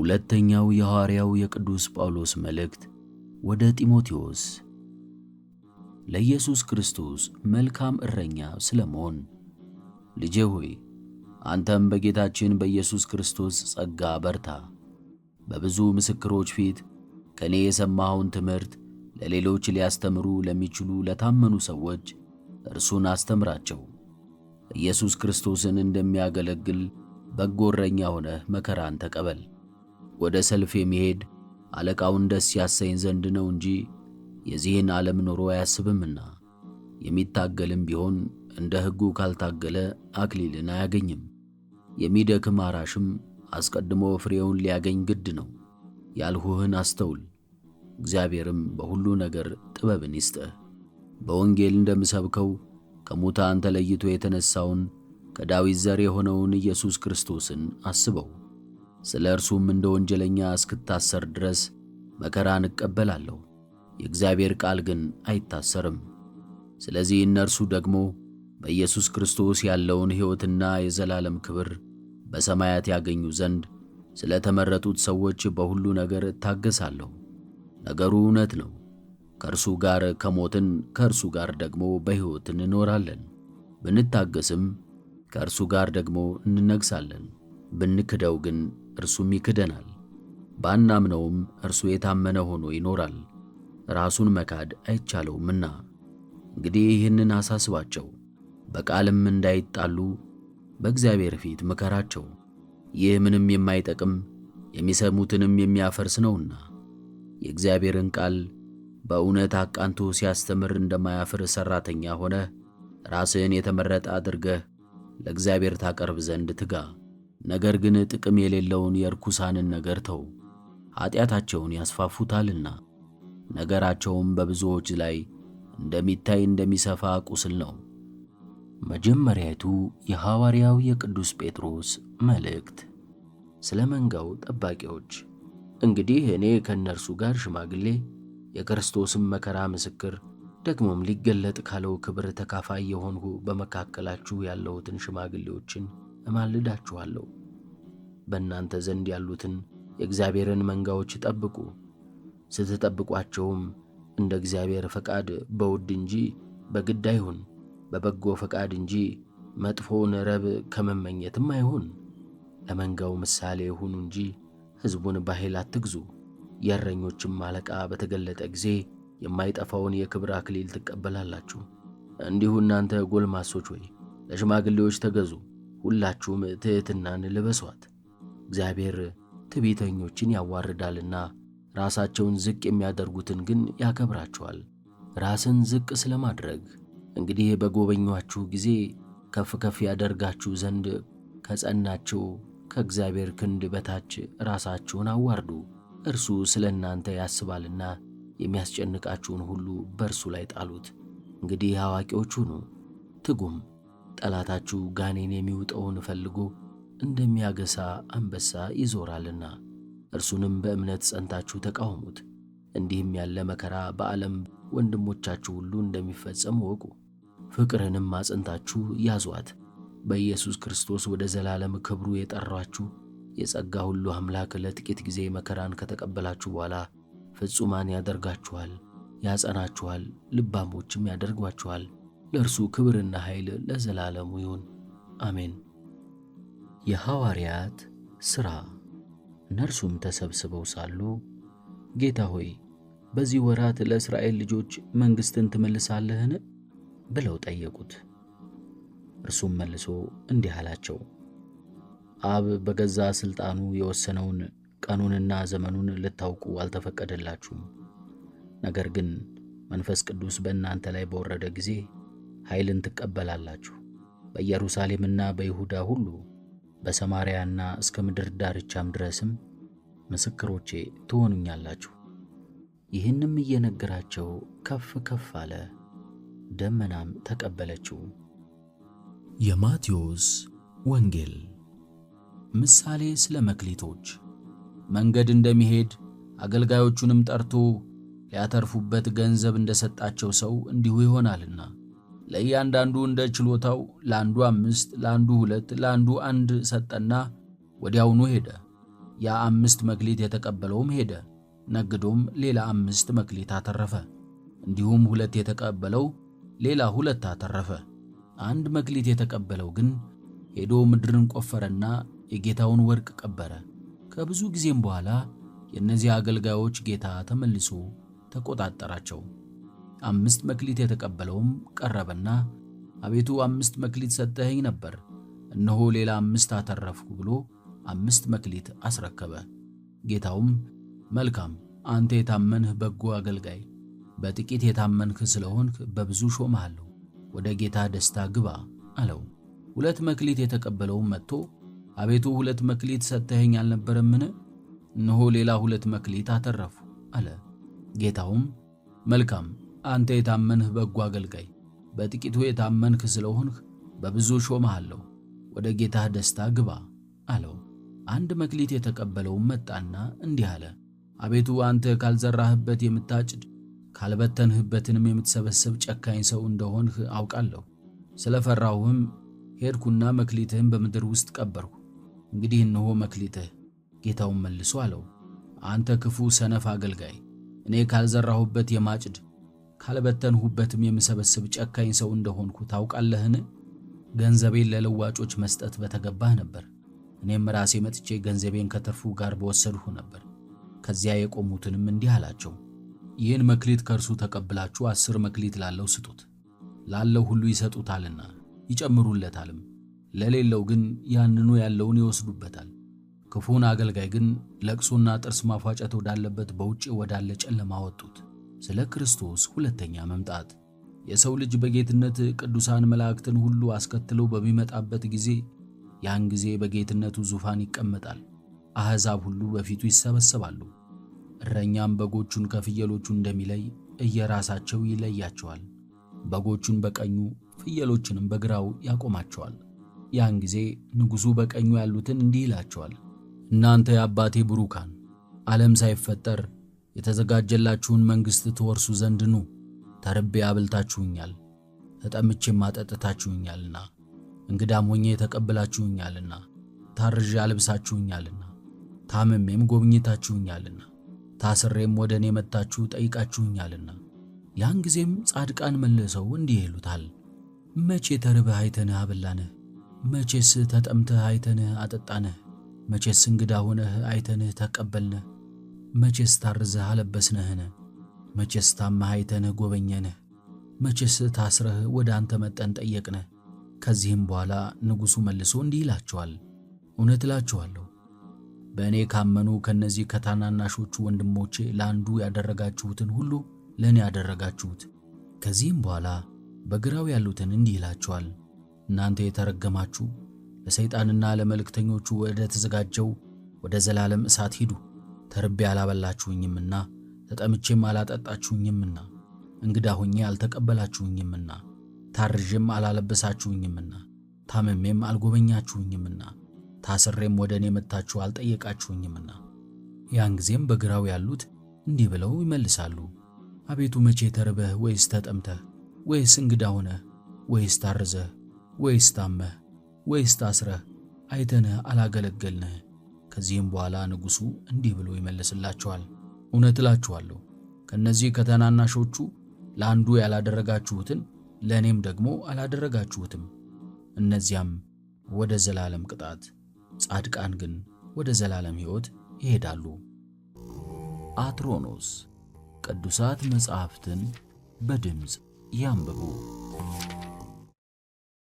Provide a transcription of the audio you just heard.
ሁለተኛው የሐዋርያው የቅዱስ ጳውሎስ መልእክት ወደ ጢሞቴዎስ። ለኢየሱስ ክርስቶስ መልካም እረኛ ስለመሆን። ልጄ ሆይ አንተም በጌታችን በኢየሱስ ክርስቶስ ጸጋ በርታ። በብዙ ምስክሮች ፊት ከእኔ የሰማኸውን ትምህርት ለሌሎች ሊያስተምሩ ለሚችሉ ለታመኑ ሰዎች እርሱን አስተምራቸው። ኢየሱስ ክርስቶስን እንደሚያገለግል በጎ እረኛ ሆነህ መከራን ተቀበል። ወደ ሰልፍ የሚሄድ አለቃውን ደስ ያሰኝ ዘንድ ነው እንጂ የዚህን ዓለም ኑሮ አያስብምና የሚታገልም ቢሆን እንደ ሕጉ ካልታገለ አክሊልን አያገኝም። የሚደክም አራሽም አስቀድሞ ፍሬውን ሊያገኝ ግድ ነው። ያልሁህን አስተውል፣ እግዚአብሔርም በሁሉ ነገር ጥበብን ይስጥህ። በወንጌል እንደምሰብከው ከሙታን ተለይቶ የተነሳውን ከዳዊት ዘር የሆነውን ኢየሱስ ክርስቶስን አስበው። ስለ እርሱም እንደ ወንጀለኛ እስክታሰር ድረስ መከራን እቀበላለሁ፣ የእግዚአብሔር ቃል ግን አይታሰርም። ስለዚህ እነርሱ ደግሞ በኢየሱስ ክርስቶስ ያለውን ሕይወትና የዘላለም ክብር በሰማያት ያገኙ ዘንድ ስለ ተመረጡት ሰዎች በሁሉ ነገር እታገሳለሁ። ነገሩ እውነት ነው። ከእርሱ ጋር ከሞትን ከእርሱ ጋር ደግሞ በሕይወት እንኖራለን። ብንታገስም ከእርሱ ጋር ደግሞ እንነግሣለን። ብንክደው ግን እርሱም ይክደናል። ባናምነውም እርሱ የታመነ ሆኖ ይኖራል፣ ራሱን መካድ አይቻለውምና። እንግዲህ ይህንን አሳስባቸው፣ በቃልም እንዳይጣሉ በእግዚአብሔር ፊት ምከራቸው። ይህ ምንም የማይጠቅም የሚሰሙትንም የሚያፈርስ ነውና። የእግዚአብሔርን ቃል በእውነት አቃንቶ ሲያስተምር እንደማያፍር ሠራተኛ ሆነ ራስህን የተመረጠ አድርገህ ለእግዚአብሔር ታቀርብ ዘንድ ትጋ። ነገር ግን ጥቅም የሌለውን የርኩሳንን ነገር ተው፣ ኀጢአታቸውን ያስፋፉታልና ነገራቸውም በብዙዎች ላይ እንደሚታይ እንደሚሰፋ ቁስል ነው። መጀመሪያቱ የሐዋርያው የቅዱስ ጴጥሮስ መልእክት ስለ መንጋው ጠባቂዎች። እንግዲህ እኔ ከእነርሱ ጋር ሽማግሌ፣ የክርስቶስም መከራ ምስክር፣ ደግሞም ሊገለጥ ካለው ክብር ተካፋይ የሆንሁ በመካከላችሁ ያለሁትን ሽማግሌዎችን እማልዳችኋለሁ በእናንተ ዘንድ ያሉትን የእግዚአብሔርን መንጋዎች ጠብቁ። ስትጠብቋቸውም እንደ እግዚአብሔር ፈቃድ በውድ እንጂ በግድ አይሁን፣ በበጎ ፈቃድ እንጂ መጥፎውን ረብ ከመመኘትም አይሁን። ለመንጋው ምሳሌ ሁኑ እንጂ ሕዝቡን በኃይል አትግዙ። የእረኞችም አለቃ በተገለጠ ጊዜ የማይጠፋውን የክብር አክሊል ትቀበላላችሁ። እንዲሁ እናንተ ጎልማሶች ሆይ ለሽማግሌዎች ተገዙ፣ ሁላችሁም ትሕትናን ልበሷት። እግዚአብሔር ትዕቢተኞችን ያዋርዳልና ራሳቸውን ዝቅ የሚያደርጉትን ግን ያከብራቸዋል። ራስን ዝቅ ስለማድረግ እንግዲህ በጎበኟችሁ ጊዜ ከፍ ከፍ ያደርጋችሁ ዘንድ ከጸናችሁ ከእግዚአብሔር ክንድ በታች ራሳችሁን አዋርዱ። እርሱ ስለ እናንተ ያስባልና የሚያስጨንቃችሁን ሁሉ በእርሱ ላይ ጣሉት። እንግዲህ አዋቂዎች ሁኑ፣ ትጉም። ጠላታችሁ ጋኔን የሚውጠውን ፈልጎ እንደሚያገሳ አንበሳ ይዞራልና እርሱንም በእምነት ጸንታችሁ ተቃውሙት። እንዲህም ያለ መከራ በዓለም ወንድሞቻችሁ ሁሉ እንደሚፈጸም ወቁ። ፍቅርንም አጽንታችሁ ያዟት። በኢየሱስ ክርስቶስ ወደ ዘላለም ክብሩ የጠራችሁ የጸጋ ሁሉ አምላክ ለጥቂት ጊዜ መከራን ከተቀበላችሁ በኋላ ፍጹማን ያደርጋችኋል፣ ያጸናችኋል፣ ልባሞችም ያደርጓችኋል። ለእርሱ ክብርና ኃይል ለዘላለሙ ይሁን፣ አሜን። የሐዋርያት ሥራ። እነርሱም ተሰብስበው ሳሉ ጌታ ሆይ በዚህ ወራት ለእስራኤል ልጆች መንግሥትን ትመልሳለህን? ብለው ጠየቁት። እርሱም መልሶ እንዲህ አላቸው፣ አብ በገዛ ሥልጣኑ የወሰነውን ቀኑንና ዘመኑን ልታውቁ አልተፈቀደላችሁም። ነገር ግን መንፈስ ቅዱስ በእናንተ ላይ በወረደ ጊዜ ኃይልን ትቀበላላችሁ፣ በኢየሩሳሌምና በይሁዳ ሁሉ በሰማርያና እስከ ምድር ዳርቻም ድረስም ምስክሮቼ ትሆኑኛላችሁ። ይህንም እየነገራቸው ከፍ ከፍ አለ፣ ደመናም ተቀበለችው። የማቴዎስ ወንጌል ምሳሌ ስለ መክሊቶች። መንገድ እንደሚሄድ አገልጋዮቹንም ጠርቶ ሊያተርፉበት ገንዘብ እንደሰጣቸው ሰው እንዲሁ ይሆናልና ለእያንዳንዱ እንደ ችሎታው ለአንዱ አምስት፣ ለአንዱ ሁለት፣ ለአንዱ አንድ ሰጠና ወዲያውኑ ሄደ። ያ አምስት መክሊት የተቀበለውም ሄደ፣ ነግዶም ሌላ አምስት መክሊት አተረፈ። እንዲሁም ሁለት የተቀበለው ሌላ ሁለት አተረፈ። አንድ መክሊት የተቀበለው ግን ሄዶ ምድርን ቆፈረና የጌታውን ወርቅ ቀበረ። ከብዙ ጊዜም በኋላ የእነዚህ አገልጋዮች ጌታ ተመልሶ ተቆጣጠራቸው። አምስት መክሊት የተቀበለውም ቀረበና አቤቱ አምስት መክሊት ሰጠኸኝ ነበር፣ እነሆ ሌላ አምስት አተረፍኩ ብሎ አምስት መክሊት አስረከበ። ጌታውም መልካም አንተ የታመንህ በጎ አገልጋይ፣ በጥቂት የታመንህ ስለሆንክ በብዙ ሾመሃለሁ፣ ወደ ጌታ ደስታ ግባ አለው። ሁለት መክሊት የተቀበለውም መጥቶ አቤቱ ሁለት መክሊት ሰጥተኸኝ አልነበረምን? እነሆ ሌላ ሁለት መክሊት አተረፉ አለ። ጌታውም መልካም አንተ የታመንህ በጎ አገልጋይ፣ በጥቂቱ የታመንህ ስለሆንህ በብዙ ሾምሃለሁ፣ ወደ ጌታህ ደስታ ግባ አለው። አንድ መክሊት የተቀበለውም መጣና እንዲህ አለ፣ አቤቱ አንተ ካልዘራህበት የምታጭድ ካልበተንህበትንም የምትሰበስብ ጨካኝ ሰው እንደሆንህ አውቃለሁ። ስለፈራሁህም ሄድኩና መክሊትህን በምድር ውስጥ ቀበርሁ። እንግዲህ እነሆ መክሊትህ። ጌታውን መልሶ አለው፣ አንተ ክፉ ሰነፍ አገልጋይ፣ እኔ ካልዘራሁበት የማጭድ ካልበተንሁበትም የምሰበስብ ጨካኝ ሰው እንደሆንኩ ታውቃለህን? ገንዘቤን ለለዋጮች መስጠት በተገባህ ነበር። እኔም ራሴ መጥቼ ገንዘቤን ከትርፉ ጋር በወሰድሁ ነበር። ከዚያ የቆሙትንም እንዲህ አላቸው፣ ይህን መክሊት ከእርሱ ተቀብላችሁ አስር መክሊት ላለው ስጡት። ላለው ሁሉ ይሰጡታልና ይጨምሩለታልም፣ ለሌለው ግን ያንኑ ያለውን ይወስዱበታል። ክፉን አገልጋይ ግን ለቅሶና ጥርስ ማፏጨት ወዳለበት በውጭ ወዳለ ጨለማ ወጡት። ስለ ክርስቶስ ሁለተኛ መምጣት የሰው ልጅ በጌትነት ቅዱሳን መላእክትን ሁሉ አስከትለው በሚመጣበት ጊዜ ያን ጊዜ በጌትነቱ ዙፋን ይቀመጣል። አሕዛብ ሁሉ በፊቱ ይሰበሰባሉ። እረኛም በጎቹን ከፍየሎቹ እንደሚለይ እየራሳቸው ይለያቸዋል። በጎቹን በቀኙ ፍየሎችንም በግራው ያቆማቸዋል። ያን ጊዜ ንጉሡ በቀኙ ያሉትን እንዲህ ይላቸዋል፣ እናንተ የአባቴ ብሩካን ዓለም ሳይፈጠር የተዘጋጀላችሁን መንግሥት ትወርሱ ዘንድ ኑ። ተርቤ አብልታችሁኛል፣ ተጠምቼም አጠጥታችሁኛልና፣ እንግዳም ሆኜ ተቀብላችሁኛልና፣ ታርዤ አልብሳችሁኛልና፣ ታምሜም ጎብኝታችሁኛልና፣ ታስሬም ወደ እኔ መጥታችሁ ጠይቃችሁኛልና። ያን ጊዜም ጻድቃን መልሰው እንዲህ ይሉታል፣ መቼ ተርበህ አይተንህ አበላንህ? መቼስ ተጠምተህ አይተንህ አጠጣንህ? መቼስ እንግዳ ሆነህ አይተንህ ተቀበልንህ? መቼስ ታርዘህ አለበስነህን? መቼስ ታመህ አይተንህ ጎበኘንህ? መቼስ ታስረህ ወደ አንተ መጠን ጠየቅንህ? ከዚህም በኋላ ንጉሡ መልሶ እንዲህ ይላቸዋል፣ እውነት እላችኋለሁ በእኔ ካመኑ ከእነዚህ ከታናናሾቹ ወንድሞቼ ለአንዱ ያደረጋችሁትን ሁሉ ለእኔ ያደረጋችሁት። ከዚህም በኋላ በግራው ያሉትን እንዲህ ይላቸዋል፣ እናንተ የተረገማችሁ ለሰይጣንና ለመልእክተኞቹ ወደ ተዘጋጀው ወደ ዘላለም እሳት ሂዱ ተርቤ አላበላችሁኝምና ተጠምቼም አላጠጣችሁኝምና እንግዳ ሆኜ አልተቀበላችሁኝምና ታርዤም አላለበሳችሁኝምና ታምሜም አልጎበኛችሁኝምና ታስሬም ወደ እኔ መጥታችሁ አልጠየቃችሁኝምና። ያን ጊዜም በግራው ያሉት እንዲህ ብለው ይመልሳሉ፣ አቤቱ መቼ ተርበህ ወይስ ተጠምተህ ወይስ እንግዳ ሆነህ ወይስ ታርዘህ ወይስ ታመህ ወይስ ታስረህ አይተንህ አላገለገልንህ ከዚህም በኋላ ንጉሡ እንዲህ ብሎ ይመልስላቸዋል፣ እውነት እላችኋለሁ ከእነዚህ ከተናናሾቹ ለአንዱ ያላደረጋችሁትን ለእኔም ደግሞ አላደረጋችሁትም። እነዚያም ወደ ዘላለም ቅጣት፣ ጻድቃን ግን ወደ ዘላለም ሕይወት ይሄዳሉ። አትሮኖስ ቅዱሳት መጻሕፍትን በድምፅ ያንብቡ።